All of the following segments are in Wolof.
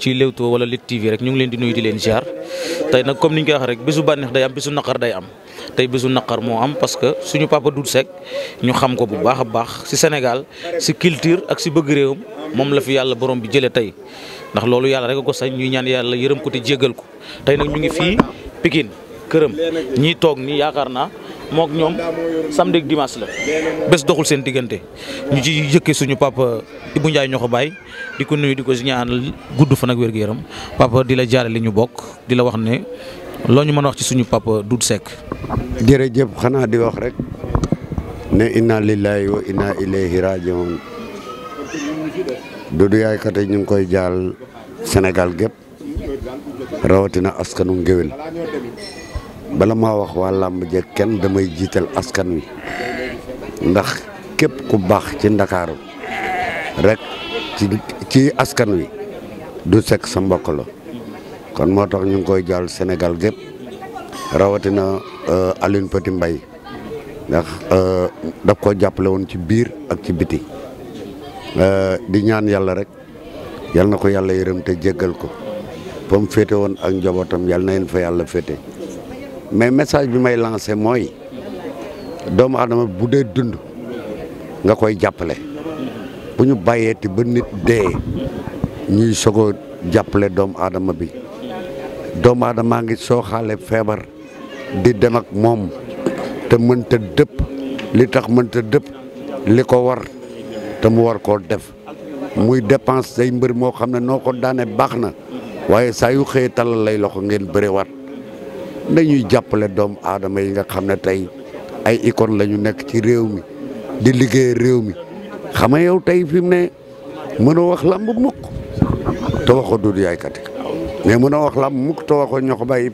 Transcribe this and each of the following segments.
ci Leewtoo wala Lutte TV rek ñu ngi leen di nuyu di leen ziar tey nag comme ni ñu koy rek bésu bànneex day am bésu naqar day am tey bésu naqar moo am parce suñu papa Doudou Seck ñu xam ko bu baax a baax si Sénégal si culture ak si bëgg réew moom la fi yàlla borom bi jëlee tey ndax loolu yàlla rek a ko sañ ñuy ñaan yàlla yërëm ko te jéggal ko tey nag ñu ngi fii Pikine këram ñii toog nii yaakaar naa mook ñoom samedi ak la bés doxul seen diggante ñu ci yëkkee suñu papa Ibou Ndiaye ñoo ko bàyyi di ko nuyu di ko ñaanal gudd fan ak wér yaram papa di la jaare li ñu bokk di la wax ne loo ñu mën a wax ci suñu du sekk Seck jërëjëf xanaa di wax rek ne inna lillahi wa inna ilayhi rajiun Doudou yaay kate ñu ngi koy jaal senegal gépp rawatina askanu ngéwél bala ma wax waa làmb jeeg kenn damay jiital askan wi ndax képp ku baax ci ndakaaru rek ci askan wi du sekk sa mbokk kon moo tax ñu ngi koy jàll Sénégal gépp rawatina euh, Alioune Petit mbay ndax euh, daf ko jàppale woon ci biir ak ci biti euh, di ñaan yàlla rek yal na ko yàlla yërëm te jéggal ko fa mu féete woon ak njabootam yàlla na leen fa yàlla féete mais message bi may lancé mooy doomu aadama bu dee dund nga koy jàppale bu ñu bàyyeeti ba nit dee ñuy sogo jàppale doomu aadama bi doomu aadamaa ngi sooxaale feebar di dem ak moom te mënta dëpp li tax mënta dëpp li ko war te mu war koo def muy depanse say mbër moo xam ne noo ko daane baax na waaye saa yu xëyee talal lay loxo ngeen bëriwaat nañuy jàppale doomu aadama yi nga xam ne tey ay icône la ñu nekk ci réew mi di liggéey réew mi xam nga yow tey fi mu ne mënoo wax lamb mukk te waxoo Doudou mais mënoo wax lamb mukk te waxoo ñoo ko bàyyi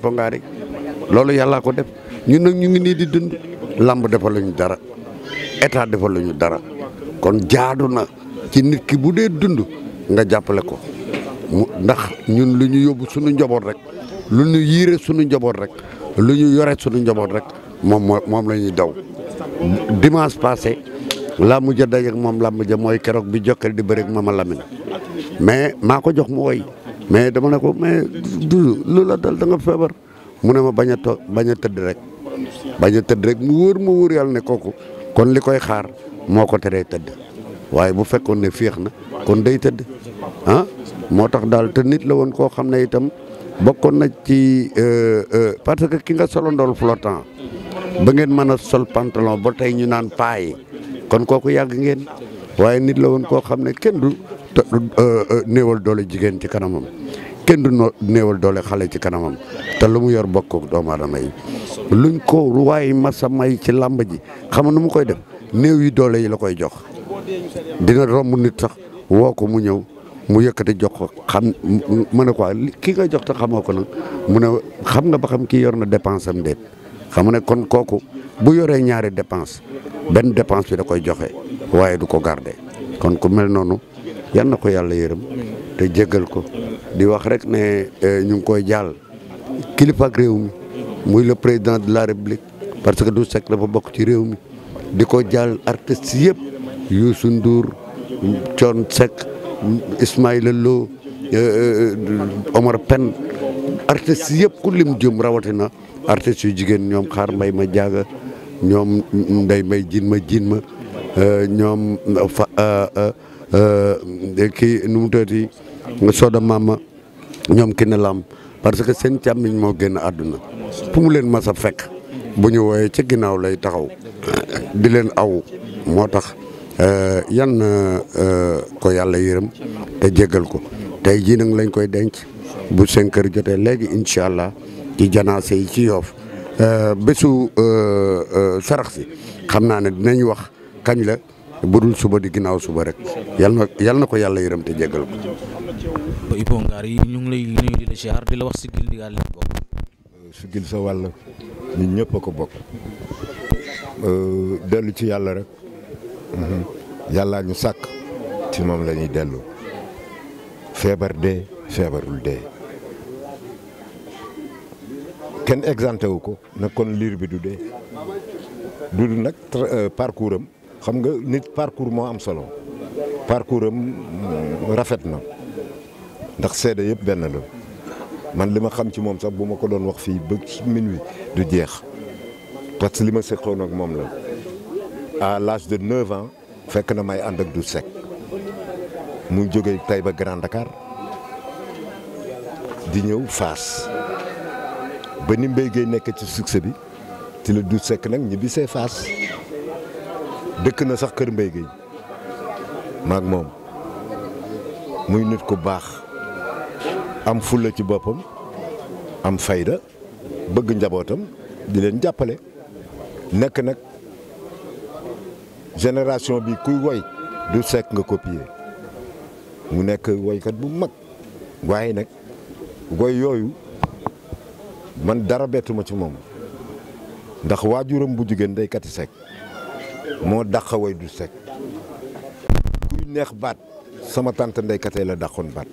loolu yàllaa ko def ñun nag ñu ngi nii di dund lamb defaluñu dara état defaluñu dara kon jaadu na ci nit ki bu dee dund nga jàppale ko ndax ñun lu ñu yóbbu sunu njaboot rek. lu ñu yiire suñu njaboot rek lu ñu yore suñu njaboot rek moom moom la ñuy daw dimanche passé laa mujj a moom laa mujj mooy keroog bi jokkal di bëreek ma Lamine mais maa ko jox mu woy mais dama ne ko mais du lu la dal da nga feebar mu ne ma bañ a to bañ a tëdd rek bañ a tëdd rek mu wóor ma wóor yàlla ne kooku kon li koy xaar moo ko teree tëdd waaye bu fekkoon ne féex na kon day tëdd ah moo tax daal te nit la woon koo xam ne itam bokkoon na ci euh, euh, parce que ki nga solo ndool flottant ba ngeen mën a sol pantalon ba tey ñu naan paay kon kooku yàgg ngeen waaye nit la woon koo xam ne kenn du euh, néewal doole jigéen ci kanamam kenn du néewal doole xale ci kanamam te lu mu yor bokk doomu aadama yi luñ ko waaye masa may ci làmb ji xam nu mu koy def néew yi doole yi la koy jox dina romb nit sax woo ko mu ñëw. mu yëkkati jox ko xam mu ne quoi kii nga jox te xamoo ko nag mu ne xam nga ba xam kii yor na dépense am déet xam ne kon kooku bu yoree ñaari dépense benn dépense bi da koy joxe waaye du ko garde kon ku mel noonu yal na ko yàlla yërëm te jéggal ko di wax rek ne euh, ñu ngi koy jàll kilifa ak mi muy le président de la république parce que du sec dafa bokk ci réew mi di ko jàll artistes yëpp Youssou Ndour Thione Seck Ismaïla Lo euh, euh, Omar Pène artistes yëpp ku lim jëm rawatina artistes yu jigéen ñoom xaar mbay ma jaaga ñoom nday mbay jiin ma jin ma euh, ñoom fa kii nu mu tëddee Soda Mama ñoom ki ne parce que seen càmmiñ moo génn àdduna fu mu leen ma a fekk bu ñu wooyee ci ginnaaw lay taxaw dileen leen aw moo tax Euh, yan euh, euh, ko yàlla yërëm te jégal ko tey jii nag lañ koy denc bu seen kër jotee léegi incha allah ci janaase yi ci yoof bésu sarax si xam naa ne dinañ wax kañ la budul suba di ginnaaw suba rek yal na yal na ko yàlla yërëm te jégal ko. ba yi ñu ngi la ziar si gil ndigal lañ ko bokk dellu ci yàlla rek. Mhm. yàllaa ñu sàkk ci moom lañuy ñuy dellu feebar dee feebarul dee kenn exempté wu ko nag kon liir bi du dee du nag euh, parcours am xam nga nit parcours moo am solo parcours am mm, rafet na ndax seede yëpp benn la man li ma xam ci moom sax bu ma ko doon wax fii ba minuit du jeex parce que li ma seqoon ak moom la. à l'âge de 9 ans fekk na may ànd ak Doudou Seck mu jógee ba Grand Dakar di ñëw Fass ba ni Mbaye Guèye nekk ci succès bi ci la Doudou Seck nag ñibbi see Fass dëkk na sax kër Mbaye Guèye maag moom muy nit ku baax am fulla ci boppam am fayda bëgg njabootam di leen jàppale nekk nag génération bi kuy woy du sekk nga copier mu nekk woykat bu mag waaye nag woy yooyu man dara bettuma ci moom ndax waajuram bu jigéen day kati sekk moo dàq woy du sekk kuy neex baat sama tante ndeykatee la dàqoon baat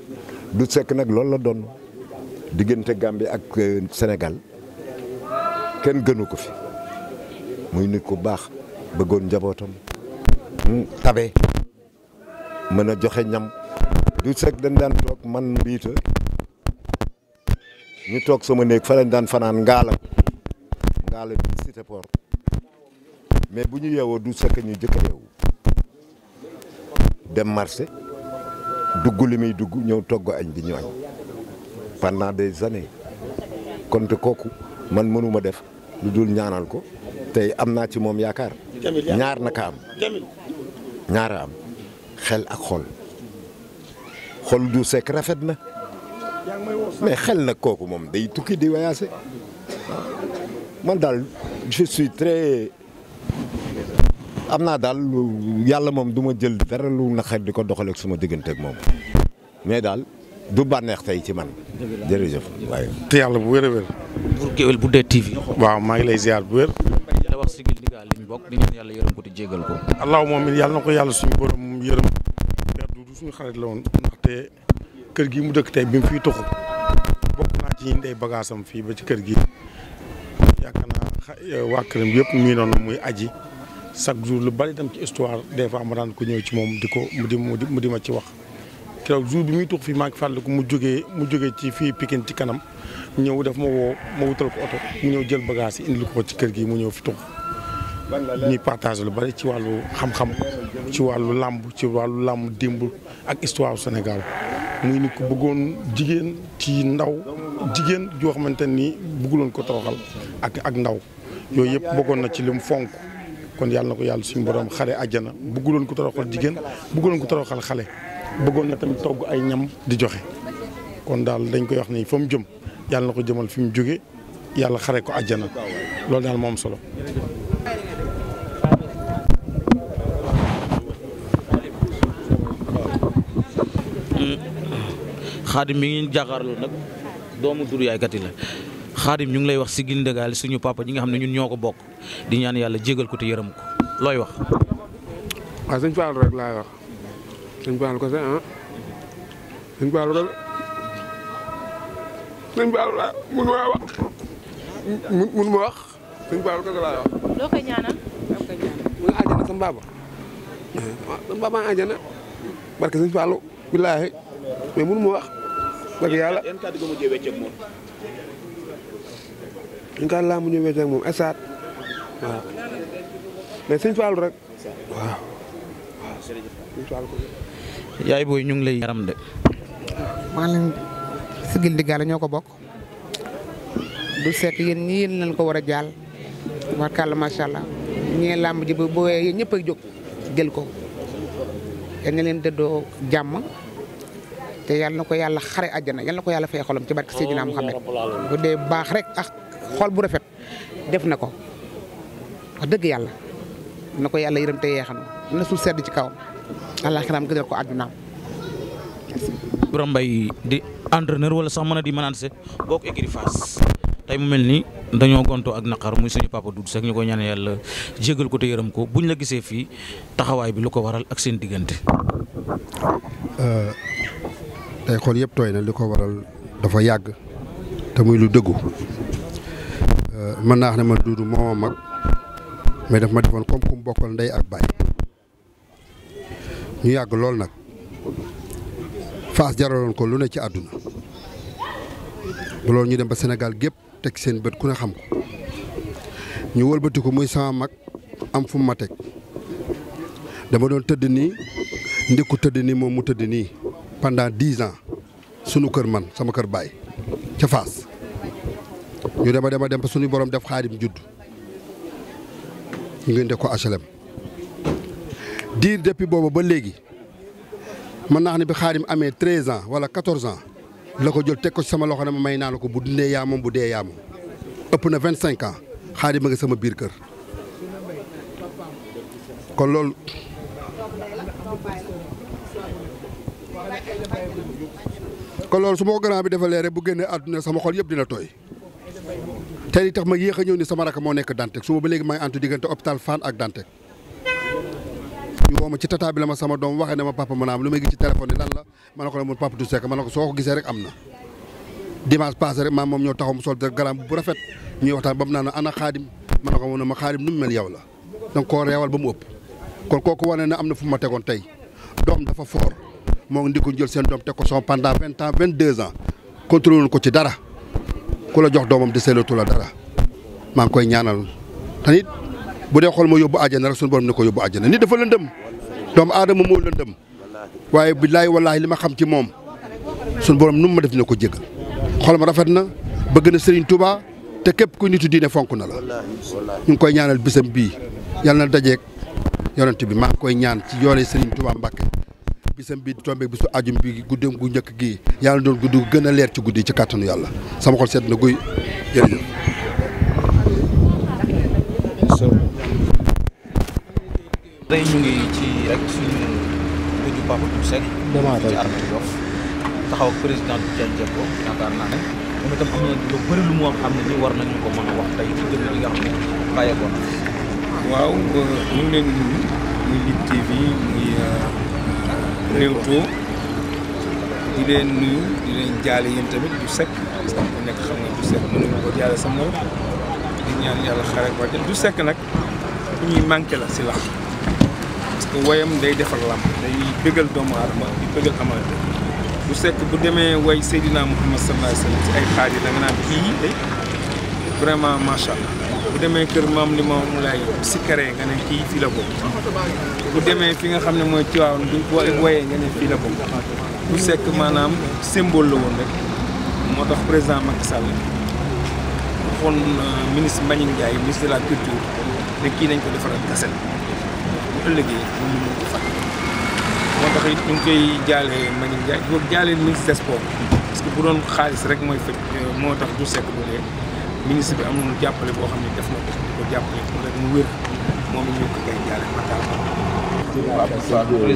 du sekk nag loolu la doon diggante Gambie ak euh, senegal kenn gënu ko fi muy nit ku baax bëggoon njabootam tabe mën a joxe ñam du sek dañ daan toog man mbiita ñu toog sama néeg fa lañ daan fanaan ngaala ngaala bi cité port mais bu ñu yewoo du sekk ñu jëkk yeewu dem marché dugg li muy dugg ñëw togg añ bi ñu añ pendant des années kon kooku man mënuma def lu dul ñaanal ko tey am naa ci moom yaakaar ñaar na ka am ñaara am xel ak xol xol du sekk rafet na mais xel nag kooku moom day tukki di wayaase man daal je suis am naa daal yàlla moom du ma jël dara lu naqar di ko doxaleeg suma diggante ak moom mais daal du bànneex tey ci man. jërëjëf waaye. te yàlla bu wér a wér. Bour Gueweul bu TV. waaw maa ngi lay ziar bu wér. bàkkaar liñ bokk di ñaan yàlla yërëm ko te jégal ko. allahu moom it yàlla na ko yàlla suñu borom moom yërëm perdu du suñu xarit la woon ndaxte kër gi mu dëkk tey bi mu fiy toxu bokk naa ci ñi ndey bagaasam fii ba ci kër gi yaakaar naa eh, waa këram yëpp mii noonu muy aji chaque jour lu bari dem ci histoire des fois ma daan ko ñëw ci moom di ko mu di mu di ma ci wax keroog jour bi muy tuux fii maa ngi fàttaliku mu jógee mu jógee ci fii Pikine ci kanam ñëw daf ma woo ma wutal ko oto mu ñëw jël bagage yi indi ko ci kër gi mu ñëw fi tuux ñuy partager lu bari ci wàllu xam-xam ci wàllu làmb ci wàllu làmb démb ak histoire Sénégal mu ni ko bëggoon jigéen ci ndaw jigéen joo xamante ni bëgguloon ko toroxal ak ak ndaw yooyu yëpp bëggoon na ci li mu fonk kon yàlla na ko yàlla suñu borom xare àjjana bëgguloon ko jigéen bëgguloon ko toroxal xale bëggoon na tamit togg ay ñam di joxe kon daal dañ koy wax nii fa mu jëm yàlla na ko jëmal fi mu jóge yàlla xare ko àjjana loolu daal moom solo xaadim mi ngi jàkkaarloo nag doomu tur yaay kat yi la xaadim ñu ngi lay wax si gindagaale suñu papa ñi nga xam ne ñun ñoo ko bokk di ñaan yàlla jégal ko te yërëm ko looy wax. waaw sëñ wax sëñ ko ah wax mun ma wax sëñ laay wax. loo koy ñaanal. mu ngi àjjana sama baaba eh, sama baaba àjjana barke wax. dëgg yàlla yan kàddu nga mujjee wecceeg moom. yaay booy ñu ngi lay yaram de. maa ngi ñoo ko bokk. du seet yéen ñii yéen nañ ko war a jaal. barkàlla macha allah ñee làmb ji bu booyee yéen ñëpp a jóg jël ko. yal na jàmm. te yal na ko yàlla xare àjjana yal na ko yàlla fay xolam ci barke Seydina Muhammad bu dee baax rek ak xol bu rafet def na ko wax dëgg yàlla na ko yàlla yërëm te yeexam na suuf sedd ci kaw kawam àllaaxiraam gënal ko àddunaam Birame Mbaye di entraîneur sax mën di manager bokk écurie Fass mu mel ni dañoo gontoo ak naqar muy suñu papa Doudou Seck ñu ko ñaanal yàlla jégal ko te yërëm ko buñ la gisee fii taxawaay bi lu ko waral ak seen diggante. Euh, tey xol yëpp tooy na li ko waral dafa yàgg te muy lu dëggu euh, mën naa wax ne ma duudu moo mag mais daf ma defoon comme kum bokkal ndey ak baay ñu yàgg lool nag Fass jaraloon ko lu ne ci àdduna ba loolu ñu dem ba senegal gépp teg seen bët ku ne xam ko ñu wëlbatiku muy sama mag am fu mu ma teg dama doon tëdd ni ndikku tëdd nii moom mu tëdd nii pendant dix ans sunu kër man sama kër baay ca Faas ñu dem a dem a dem ba suñu borom def xaadim judd ñu ngeen de ko HLM diir depuis boobu ba léegi mën naa xam ne bi xaadim amee treize ans wala quatorze ans la ko jël teg ko ci sama loxo ne may naa la ko bu dundee yaa moom bu dee yaa moom ëpp na vingt cinq ans xaadim ngi sama biir kër kon loolu kon loolu su ma ko grand bi defalee rek bu génnee àdduna sama xol yëpp dina tooy te li tax ma yéex a ñëw ni sama rakk moo nekk Dantec suba ba léegi maa ngi antu diggante hôpital Fann ak Dantec ñu ci tata bi la ma sama doom waxee ne ma papa ma naam lu may gis ci téléphone ni lan la ma ne ko la mun papa am na dimanche passé rek maam moom ñoo taxaw mu sol de bu rafet ñuy waxtaan ba mu naan ana xaadim ma a ko moom ne ma xaadim nu mu mel yow la danga koo reewal ba mu ëpp kon kooku wane na am na fu ma tegoon tey doom dafa foor moo ngi ko jël seen doom te ko son pendant vingt ans vingt deux ans contrôlé ko ci dara ku la jox doomam deseelatu la dara maa ngi koy ñaanal tamit bu dee xool ma yóbbu àjjana rek suñu borom ni ko yóbbu àjjana nit dafa lëndëm doomu aadama moo lëndëm waaye billaay wallaahi li ma xam ci moom suñu borom nu mu ma def dina ko jéggal xol ma rafet na bëgg na Serigne tubaa te képp ku nitu diine fonk na la ñu ngi koy ñaanal bisam bii yàlla na dajeeg yonent bi maa ngi koy ñaan ci yoone Serigne tubaa Mbacke bisam bii di tombé bisu ajum bi guddeem gu njëkk gii yàlla doon gudd gën a leer ci guddi ci kàttanu yàlla sama xol seet na guy jërëjëf tey ñu ngi ci ak suñu dëju Papa Diouf Seck ci armée di Yoff taxaw ak président du Thiel ko yaakaar naa ne moom itam am na lu bëri lu mu wax xam ne ni war nañu ko mën wax tey ci jëm li xam ne bàyyeekoo waaw ñu leen di nuyu muy TV muy euh, Leewtoo di leen nuyu di leen jaale yéen tamit du sekk parce nekk xam nga du sekk mënuñu ko jaale sa moom di ñaan yàlla xare ak du sekk nag ku ñuy manqué la si làmb parce que woyam day defar làmb day bëggal doomu aadama di bëggal amateur du sekk bu demee way Seydina Muhammad sallallahu alayhi wa sallam ay xaar yi da nga naan kii day vraiment macha allah bu demee kër maam li moom lay sikkaree nga ne kii fii la bokk bu demee fi nga xam ne mooy Tivaouane bu woyee nga ne fii la bokk bu sekk maanaam symbole la woon rek moo tax président Macky Sall waxoon euh, ministre Mbagnick Ndiaye ministre de la culture ne kii nañ ko defaral kaset ëllëgee mu ñu ko fàtte moo tax it ñu ngi koy jaalee Mbagnick Ndiaye boobu jaalee ministre des parce que bu doon xaalis rek mooy fekk euh, moo tax du sekk bu dee ministre bi amoon jàppale boo xam ne daf na ko di ko jàppale pour rek mu wér moom ñu ko koy jaaree Matar Ba. waaw waaw de ah, di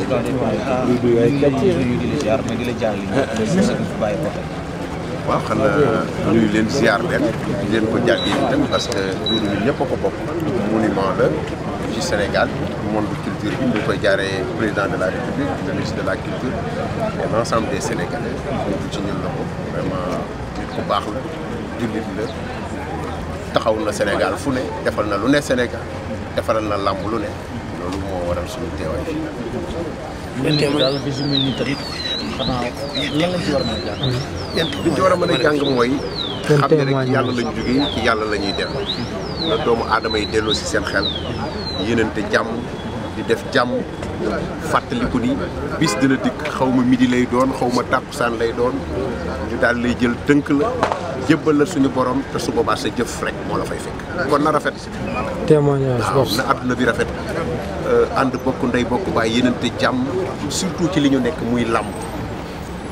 la jaar li ah, ah. bàyyi ko waaw xanaa di leen ko jàggee itam parce que loolu ñun ñëpp ko bokk. monument la ci Sénégal monde culture bi ñu koy jaaree président de la République le ministre de la culture et l'ensemble des Sénégalais. nit ku baax la jullit la. taxaw na Sénégal fu na lu ne Sénégal defaral na làmb lu ne loolu suñu teewaay fii. yéen a mën jàng. mooy. xam ne rek yàlla lañ jógee yàlla la ñuy dem. na hmm. doomu aadama yi delloo si seen xel yéenante jàmm di def jàmm fàttaliku ni bis dina dikk xaw ma midi lay doon xaw ma tàkkusaan lay doon ñu daal lay jël tënk la. jébbal la suñu borom te su boobaa sa jëf rek moo la fay fekk kon na rafet. témoignage waaw na àdduna bi rafet. Euh, ànd bokk ndey bokk baay yéenante jàmm surtout ci li ñu nekk muy làmb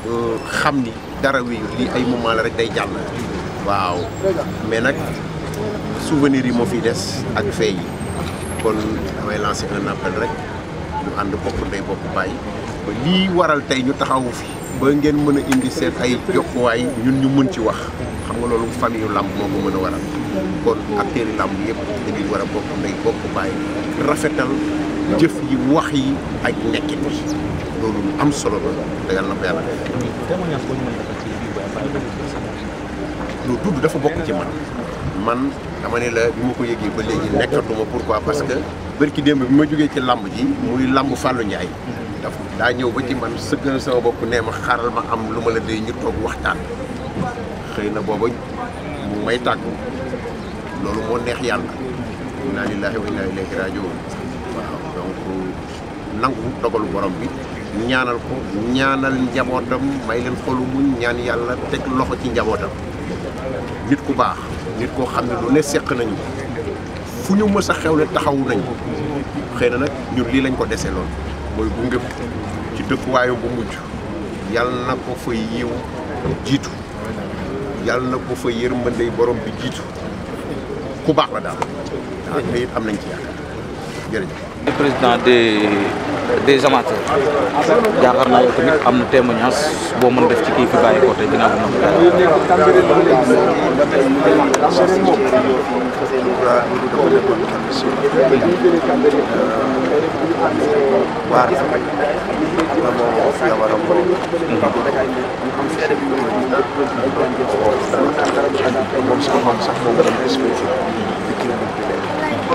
euh, xam ni dara wi lii ay moment la rek day jàll. waaw mais nag souvenir yi moo fi des ak fee yi kon damay lancer un appel rek ñu ànd bokk ndey bokk baay lii waral tey ñu taxawu fi. ba ngeen mën a indi seet ay jokkuwaay ñun ñu mën ci wax xam nga loolu famille yu làmb moo ko mën a waral kon acteurs làmb yëpp dañuy war a bokk ndey bokk bàyyi rafetal jëf yi wax yi ak nekkin bi loolu lu am solo la da na ko yàlla def tudd dafa bokk ci man man dama ne la bi ma ko yëgee ba léegi nekkatuma pourquoi parce que bërki démb bi ma jógee ci làmb ji muy làmb fàllu Ndiaye daa ñëw ba ci man sëggal sama bopp nee ma xaaral ma am lu ma la dee ñu toog waxtaan xëy na booba mu may tàggu loolu moo neex yàlla inna lillahi wa inna ilayhi rajiun waaw nangu dogalu borom bi ñaanal ko ñaanal njabootam may leen xolu ñaan yàlla teg loxo ci njabootam nit ku baax nit koo xam ne lu ne seq nañu fu ñu mës a xewle taxawu nañu xëy na nag ñun lii lañ ko dese loolu mooy bu ci dëkkuwaayu bu mujj yàlla na ko fa yiw jiitu yàlla na ko fa yërmandey borom bi jiitu ku baax la daal. waaw te am nañ ci yaakaar jërëjëf. di président des des amateurs yaakaar naa yow tamit am na témoignage boo mën def ci kii fi bàyyi ko tey ginnaaw bi mu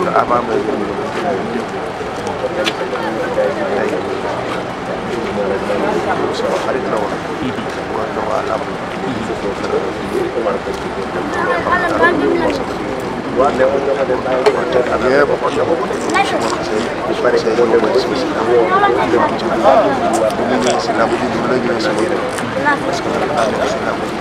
am daal. waaw tey sama xarit la woon. war na waa làmb. waaw ne woon nga fa dem bàyyi ko teel àll yëpp wax nga ko ko déglu si moom parce que bu paree tey boo demee si si làmb dem ci làmb bu mu ñëwee si làmb bi du la ñëwee si parce que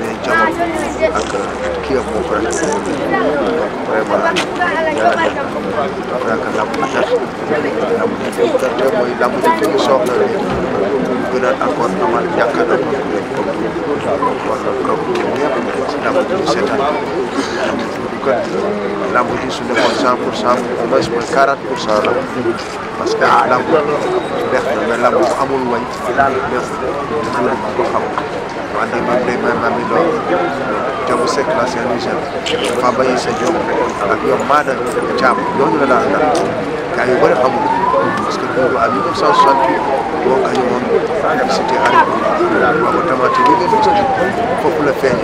mais jamono ak kii am moo ko rek donc vraiment yàlla def dafa yaakaar ji def soxla léegi mu gën a encore amal yaakaar naa ko donc war na ko ñëpp ci làmb ji ñu seetaan kon ji su nekkoon cent pour cent au moins mooy quarante pour cent la parce que làmb neex na mais làmb bu amul wañ neex na ko xam Mandi Mandé Mami Lo, Jabu Seck la seen émission Faba yi sa Diop ak yow Maada Thiam ñooñu la daan dal gars yu bëri xamul parce que boobu à 1968 boo gañu moom cité Arif boobu tamati li ngeen gis foofu la feeñ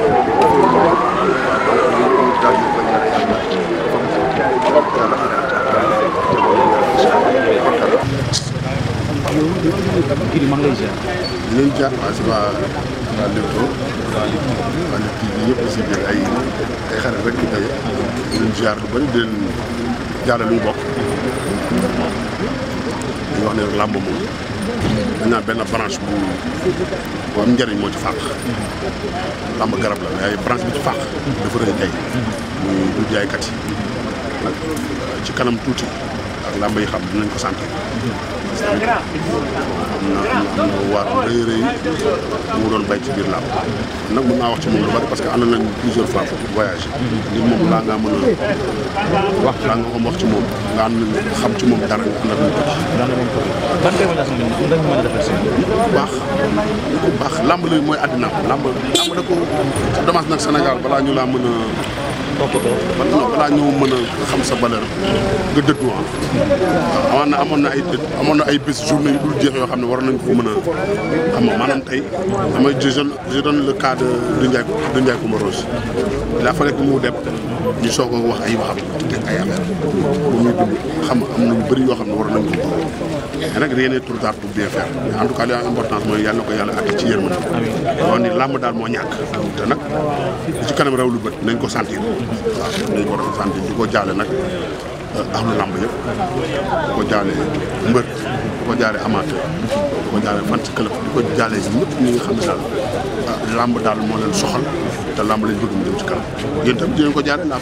donc ñu waa Leewtoo waa Leewtoo TV yëpp aussi jël ay ay xarit rek ñu daje di leen ziar lu bëri di leen jaarale bokk ñu wax ne rek làmb moom dañ benn branche bu bu am njëriñ moo ci fàq làmb garab la mais ay branche bi ci fàq dafa rëy tey muy du ci kanam tuuti ak làmb yi xam dinañ ko sant mu waar rëy rëy mu doon bay ci biir làmb nag mën naa wax ci moom lu bari parce que ànd nañ plusieurs fois foofu voyage nit moom laa ngaa mën a wax laa nga am wax ci moom nga ànd xam ci moom dara nga ànd ak moom baax baax làmb la mooy àddina làmb làmb da ko dommage nag Sénégal balaa ñu laa mën a toppatoo. man non balaa ñëw mën a xam sa valeur nga dëddu ah. amoon na amoon na ay dëdd amoon na ay bés journée yu dul jeex yoo xam ne war nañ ko mën a xam maanaam tey damay je donne je donne le cas de Doudou Ndiaye Doudou Ndiaye Coumba Rose il a fallu mu dem. ñu soog a wax ay waxam ak ay muy dund xam am na lu bëri yoo xam ne war nañ ko mais nag rien n'est trop tard pour bien faire mais en tout cas li am importance mooy yàlla na ko yàlla àtte ci yërmande loolu ni làmb daal moo ñàkk te nag li lu nañ ko sentir waaw nañ ko di ko jaale nag euh, ahlu làmb yëpp ko jaale mbër ko jaale amateur di ko jaale fan ci club di ko jaale ñëpp ñi nga xam ne daal euh, làmb daal moo leen soxal te lamb lañ bëgg mu jëm ci kanam yéen tamit dinañ ko jaare moom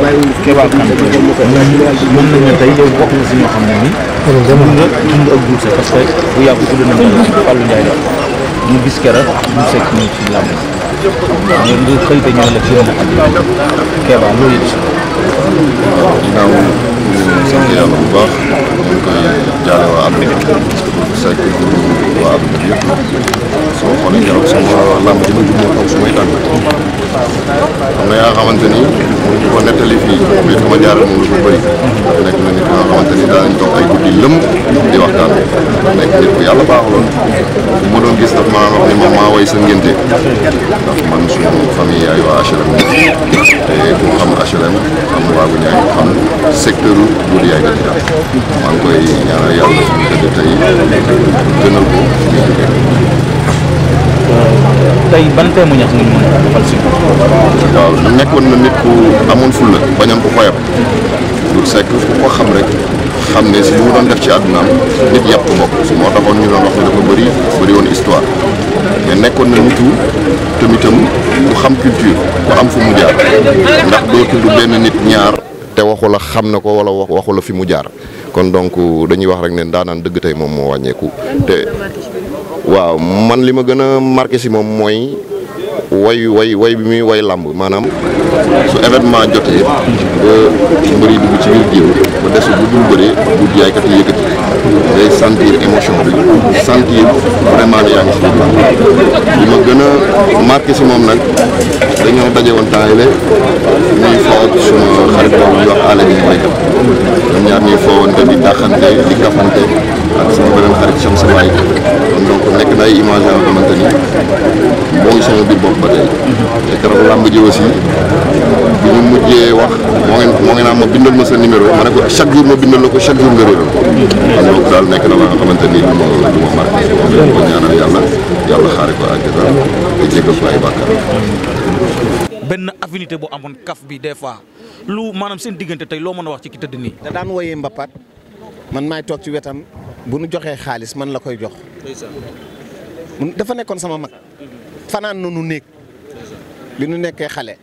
la ñu tey yow bokk na ñoo xam ne nii. mun nga dund ak Boucher parce que bu yàgg tudd nañ la Fallou Ndiaye la ñu gis keroog Boucher ñëw ci lamb ñu ngi xëy ba ñëw la ci yomb Kéba bu baax ñu ngi koy jaale waa Amady parce que Boucher waa Amady yëpp. soo xoolee keroog sama làmb ji ma jubluwoon ak sumay tànk am na yaa xamante ni mënuñu ko nettali fii mais fi ma jaaral moom lu ko bëri nekk na nit yoo xamante ni daanañ toog ay guddi lëm di waxtaan nekk nit ku yàlla baaxuloon bu ma doon gis daf maa wax ni ma maa way sa ngénte ndax man suñu famille ay waa HLM te ku xam HLM am waagu ñaay xam secteur Doudou Yaye Dadji maa ngi koy ñaanal yàlla suñu dëgg tey gënal ko ñu jógee tey ban témoignage nga ñu mën waaw nekkoon na nit ku amoon fulla bañam ko xoyam. Doudou Seck ku ko xam rek xam ne si li mu doon def ci àddunaam nit yàpp ko bopp moo taxoon ñu doon wax ne dafa bëri bëri woon histoire mais nekkoon na nitu tamitam ku xam culture ku am fu mu jaar ndax doo tudd benn nit ñaar. te waxu la xam na ko wala waxu la fi mu jaar kon donc dañuy wax rek ne daanaan dëgg tey moom moo wàññeeku te. waaw man li ma gën a marqué si moom mooy way way way bi muy woy làmb maanaam su événement jotee ba mbëri dugg ci biir géew ba desul bu dul bëree bu jaaykat yi yëkkati day sentir émotion bi sentir vraiment yaa ngi si biir li ma gën a marqué si moom nag dañoo daje woon temps yële ñuy foo ak suma xarit boobu ñuy wax àll bi ñu béykat ñoom ñaar ñuy foo woon te di dàqante di kafante ak sama beneen xarit Sam Sabaay donc nekk na ay image yoo xamante ni moo ngi sama biir bopp ba tey. te keroog làmb ji aussi bi ñu mujjee wax moo ngeen am ma bindal ma sa numéro ma chaque jour ma bindal la ko chaque jour nga réeral ko. daal nekk na la nga lu ma lu ma ñaanal yàlla yàlla xaare ko ak daal te jéggal ko ay bàkkaar. benn affinité bu amoon kaf bi des fois lu maanaam seen diggante tey loo mën a wax ci ki tëdd nii. da daan woyee mbapat man maay toog ci wetam. bu nu joxee xaalis man la koy jox. dafa nekkoon sama mag. fanaan na nu néeg. bi nu nekkee xale.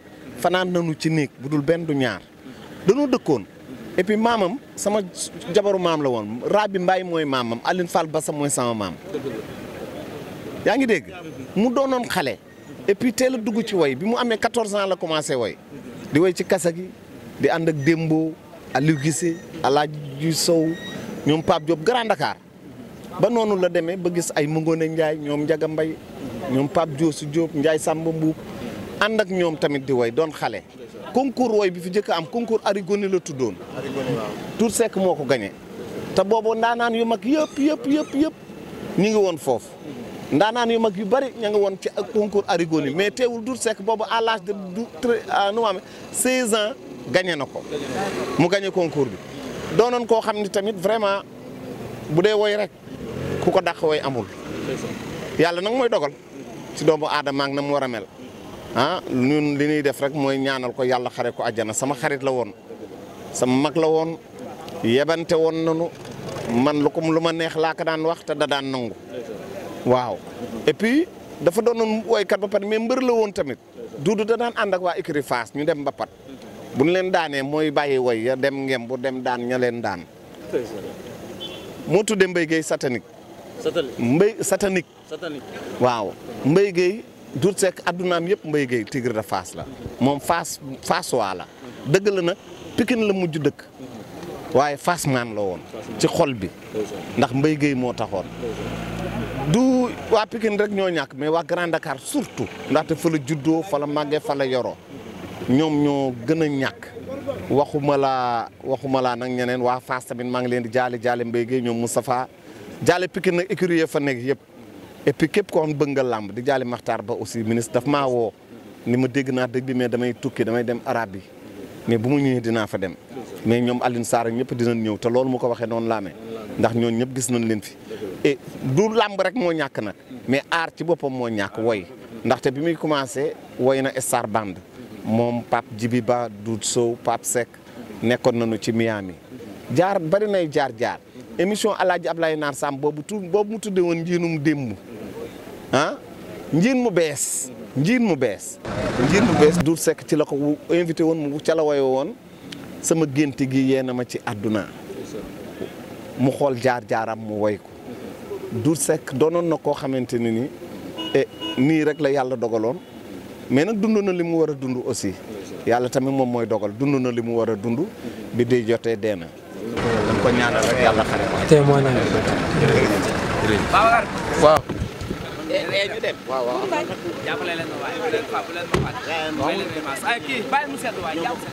fanaan na nu ci néeg bu dul benn du ñaar. danoo dëkkoon. et puis maamam sama jabaru maam la woon Rabi Mbaye mooy maamam Aline Fall Bassa mooy sama maam. yaa ngi dégg mu doonoon xale. et puis a dugg ci way bi mu amee 14 ans la commencé woy di woy ci kasa gi di ànd ak Dembo Aliou Gissé Alaaji Sow ñoom Pape Diop Grand ba noonu la demee ba gis ay Mungone Ndiaye ñoom Ndiaga Mbaye ñoom Pape si Diop njaay Samba Mbuub ànd ak ñoom tamit di woy doon xale. concours woy bi fi njëkk am concours Arigoni la tuddoon. Arigoni waaw Tour Seck moo ko gagné. te boobu ndaanaan yu mag yëpp yëpp yëpp ñu ngi woon foofu. ndaanaan yu mag yu bëri ña ngi woon ci concours Arigoni mais teewul du Seck boobu à l'âge de du nu ma amee 16 ans gagné na ko mu gagné concours bi. doonoon koo xam ni tamit vraiment bu dee woy rek ku ko dàq woy amul yàlla nag mooy dogal ci doomu aadama ak na mu war a mel ah ñun li ñuy def rek mooy ñaanal ko yàlla xare ko àjjana sama xarit la woon sama mag la woon yebante woon nanu man lu ko lu ma neex laa ko daan wax te da daan nangu waaw et puis dafa doonoon woykat ba pare mais mbër la woon tamit duudu da daan ànd ak waa écurie Fass dem mbapat bu ñu leen daanee mooy bàyyi woy ya dem ngeen bu dem daan ña leen daan. moo tuddee Mbaye Gueye satanique. satanique Mbaye satanique. waaw Mbaye Gueye Doudou Seck addunaam yëpp Mbaye Gueye Tigre de Fass la moom Fass Fass waa la dëgg la nag Pikine la mujj dëkk. waaye Fass maan la woon. ci xol bi. ndax Mbaye Gueye moo taxoon. du waa Pikine rek ñoo ñàkk mais waa Grand Dakar surtout. ndaxte fa la juddoo fa la màggee fa la yoroo. ñoom ñoo gën a ñàkk waxuma laa waxuma laa nag ñeneen waa Fass tamit maa ngi leen di jaale jaale mbay gee ñoom Moustapha jaale Pikine nag écurie ya fa nekk yëpp et puis képp koo xam làmb di jaale Makhtar Ba aussi ministre dafa maa woo ni ma dégg naa dëgg bi mais damay tukki damay dem arabe yi mais bu mu ñëwee dinaa fa dem mais ñoom Alioune Sarr ñëpp dinañ ñëw te loolu mu ko waxee noonu laamee ndax ñooñu ñëpp gis nañ leen fi et du làmb rek moo ñàkk nag mais aar ci boppam moo ñàkk woy ndaxte bi muy commencé woy na Star Band moom Pape jibi Ba Doudou Sow Pape Seck nekkoon nañu ci Miami jaar bari nay jaar jaar émission Alaaji Ablaye Naar Samb boobu tu boobu mu tuddee woon njiinum démb ah njiin mu njiin mu bees njiin mu bees Doudou Seck ci la ko invité woon mu ca la woyo woon sama gént gi yéena ma ci àdduna mu xool jaar-jaaram mu woy ko Doudou Seck doonoon na koo xamante ne ni eh, nii rek la yàlla dogaloon mais nag dund na li mu war a dund aussi yàlla tamit moom mooy dogal dund li mu war a dund bi dee jotee dee na. ko ñaanal yàlla xare ko. waaw.